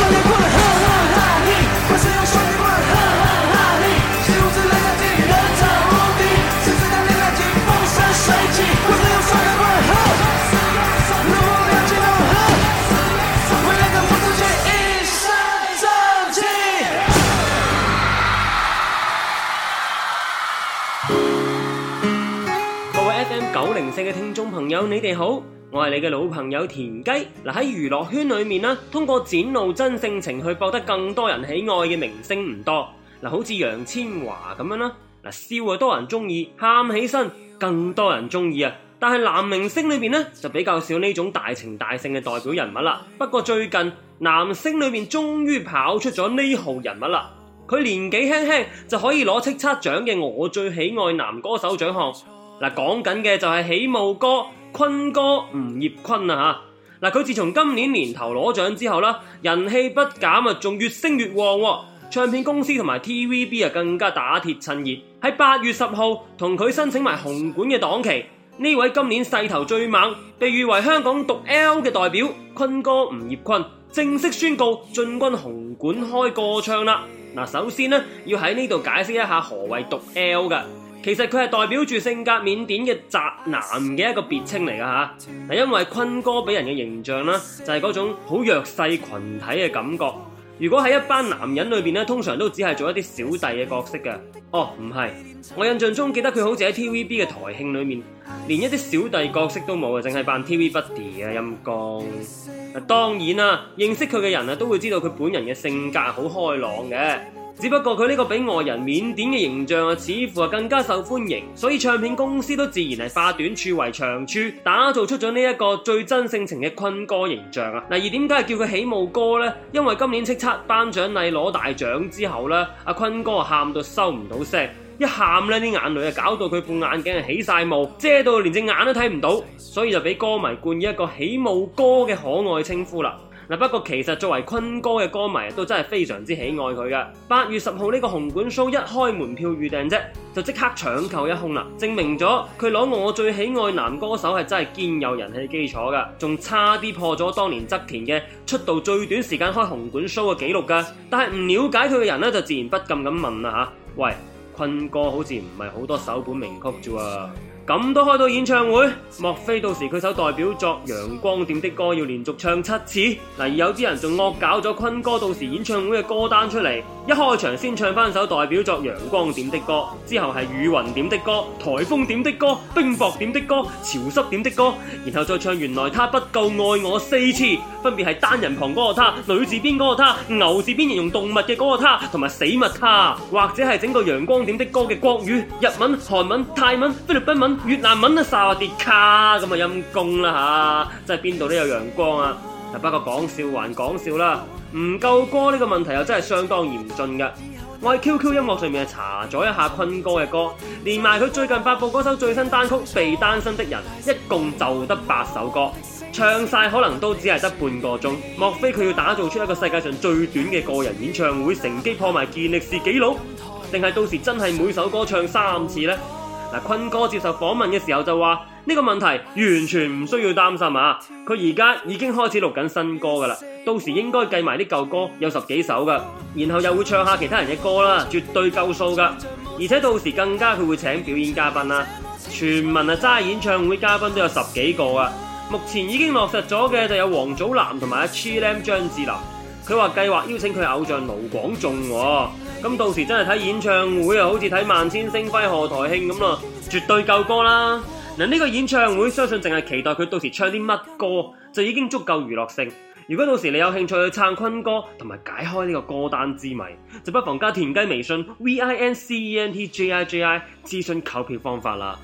星嘅聽眾朋友，你哋好，我係你嘅老朋友田雞。嗱，喺娛樂圈裏面啦，通過展露真性情去博得更多人喜愛嘅明星唔多。嗱，好似楊千嬅咁樣啦，嗱笑啊多人中意，喊起身更多人中意啊。但係男明星裏面咧，就比較少呢種大情大性嘅代表人物啦。不過最近男星裏面終於跑出咗呢號人物啦，佢年紀輕輕就可以攞叱咤獎嘅我最喜愛男歌手獎項。嗱，講緊嘅就係喜慕哥、坤哥吳業坤啊，佢自從今年年頭攞獎之後，人氣不減啊，仲越升越旺。唱片公司同埋 TVB 更加打鐵趁熱，喺八月十號同佢申請埋紅館嘅檔期。呢位今年勢頭最猛，被譽為香港獨 L 嘅代表，坤哥吳業坤正式宣告進軍紅館開歌唱啦！首先，要喺呢度解釋一下何為獨 L 嘅。其實佢係代表住性格腼腆嘅宅男嘅一個別稱嚟噶吓，因為坤哥俾人嘅形象啦，就係、是、嗰種好弱勢群體嘅感覺。如果喺一班男人裏面咧，通常都只係做一啲小弟嘅角色嘅。哦，唔係，我印象中記得佢好似喺 TVB 嘅台慶裏面，連一啲小弟角色都冇啊，淨係扮 TV Buddy 啊，陰公。嗱，當然啦、啊，認識佢嘅人啊，都會知道佢本人嘅性格係好開朗嘅。只不過佢呢個比外人靦腆嘅形象啊，似乎更加受歡迎，所以唱片公司都自然係化短處為長處，打造出咗呢一個最真性情嘅坤哥形象啊！嗱，而點解叫佢起霧哥呢？因為今年叱咤頒獎禮攞大獎之後咧，阿坤哥喊到收唔到聲，一喊呢啲眼淚啊，搞到佢副眼鏡起晒霧，遮到連隻眼都睇唔到，所以就俾歌迷冠以一個起霧哥嘅可愛稱呼啦。不過其實作為坤哥嘅歌迷，都真係非常之喜愛佢嘅。八月十號呢個紅館 show 一開門票預訂啫，就即刻搶購一空啦，證明咗佢攞我最喜愛男歌手係真係堅有人氣基礎㗎，仲差啲破咗當年側田嘅出道最短時間開紅館 show 嘅紀錄㗎。但係唔了解佢嘅人咧，就自然不禁咁問啦，啊、喂，坤哥好似唔係好多首本名曲啫咁都開到演唱會，莫非到時佢首代表作《陽光點》的歌要連續唱七次？嗱，而有啲人仲惡搞咗坤哥到時演唱會嘅歌單出嚟。一開場先唱翻首代表作《陽光點》的歌，之後係雨雲點的歌、颱風點的歌、冰雹點的歌、潮濕點的歌，然後再唱原來他不夠愛我四次，分別係單人旁嗰個他、女字邊嗰個她、牛字邊形容動物嘅嗰個他，同埋死物他，或者係整個《陽光點》的歌嘅國語、日文、韓文、泰文、菲律賓文、越南文，薩瓦迪卡咁咪陰功啦，嚇，真係邊度都有陽光啊！不過講笑還講笑啦，唔夠歌呢個問題又真係相當嚴峻嘅。我喺 QQ 音樂上面查咗一下坤哥嘅歌，連埋佢最近發佈嗰首最新單曲《被單身的人》，一共就得八首歌，唱曬可能都只係得半個鐘。莫非佢要打造出一個世界上最短嘅個人演唱會，乘機破埋健力士紀錄，定係到時真係每首歌唱三次呢？坤哥接受訪問嘅時候就話呢個問題完全唔需要擔心啊！佢而家已經開始錄緊新歌噶啦，到時應該計埋啲舊歌有十幾首噶，然後又會唱下其他人嘅歌啦，絕對夠數噶！而且到時更加佢會請表演嘉賓啊，全民啊齋演唱會嘉賓都有十幾個啊！目前已經落實咗嘅就有王祖藍同埋阿 Chillam 張智霖。佢話計劃邀請佢偶像盧廣仲，咁到時真係睇演唱會啊，好似睇《萬千星輝賀台慶》咁咯，絕對夠歌啦！嗱，呢個演唱會相信淨係期待佢到時唱啲乜歌，就已經足夠娛樂性。如果到時你有興趣去撐坤哥，同埋解開呢個歌單之謎，就不妨加田雞微信 V I N C E N T J I J I 諮詢購票方法啦。